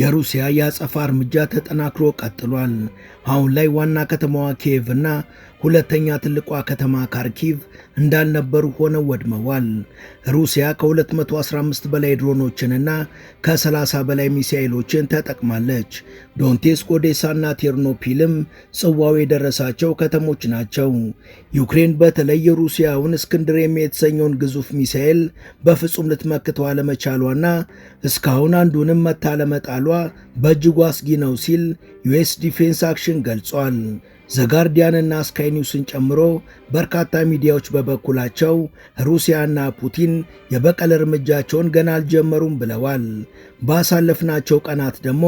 የሩሲያ የአጸፋ እርምጃ ተጠናክሮ ቀጥሏል። አሁን ላይ ዋና ከተማዋ ኪየቭ እና ሁለተኛ ትልቋ ከተማ ካርኪቭ እንዳልነበሩ ሆነው ወድመዋል። ሩሲያ ከ215 በላይ ድሮኖችንና ከ30 በላይ ሚሳኤሎችን ተጠቅማለች። ዶንቴስክ፣ ኦዴሳ እና ቴርኖፒልም ጽዋው የደረሳቸው ከተሞች ናቸው። ዩክሬን በተለይ የሩሲያውን እስክንድሬም የተሰኘውን ግዙፍ ሚሳኤል በፍጹም ልትመክተው አለመቻሏና እስካሁን አንዱንም መታለመጣል መጣሏ በእጅጉ አስጊ ነው ሲል ዩኤስ ዲፌንስ አክሽን ገልጿል። ዘጋርዲያንና ስካይ ኒውስን ጨምሮ በርካታ ሚዲያዎች በበኩላቸው ሩሲያና ፑቲን የበቀል እርምጃቸውን ገና አልጀመሩም ብለዋል። ባሳለፍናቸው ቀናት ደግሞ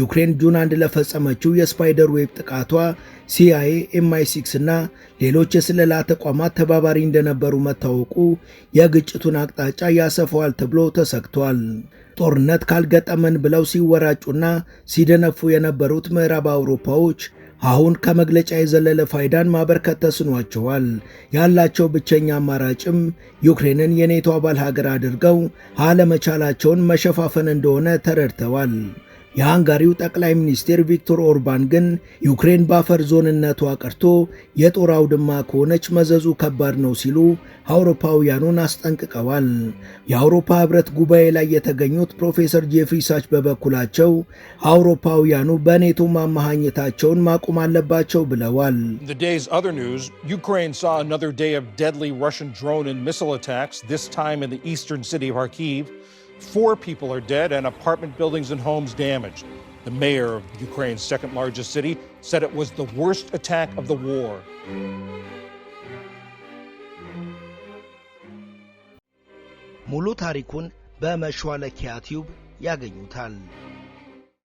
ዩክሬን ጁን አንድ ለፈጸመችው የስፓይደር ዌብ ጥቃቷ ሲአይኤ፣ ኤምአይ6 እና ሌሎች የስለላ ተቋማት ተባባሪ እንደነበሩ መታወቁ የግጭቱን አቅጣጫ ያሰፋዋል ተብሎ ተሰግቷል። ጦርነት ካልገጠመን ብለው ሲወራጩና ሲደነፉ የነበሩት ምዕራብ አውሮፓዎች አሁን ከመግለጫ የዘለለ ፋይዳን ማበርከት ተስኗቸዋል። ያላቸው ብቸኛ አማራጭም ዩክሬንን የኔቶ አባል ሀገር አድርገው አለመቻላቸውን መሸፋፈን እንደሆነ ተረድተዋል። የሃንጋሪው ጠቅላይ ሚኒስቴር ቪክቶር ኦርባን ግን ዩክሬን ባፈር ዞንነቷ ቀርቶ የጦር አውድማ ከሆነች መዘዙ ከባድ ነው ሲሉ አውሮፓውያኑን አስጠንቅቀዋል። የአውሮፓ ህብረት ጉባኤ ላይ የተገኙት ፕሮፌሰር ጄፍሪ ሳች በበኩላቸው አውሮፓውያኑ በኔቶ ማመሃኘታቸውን ማቆም አለባቸው ብለዋል። Four people are dead and apartment buildings and homes damaged. The mayor of Ukraine's second largest city said it was the worst attack of the war. ሙሉ ታሪኩን በመሿለኪያ ቲዩብ ያገኙታል።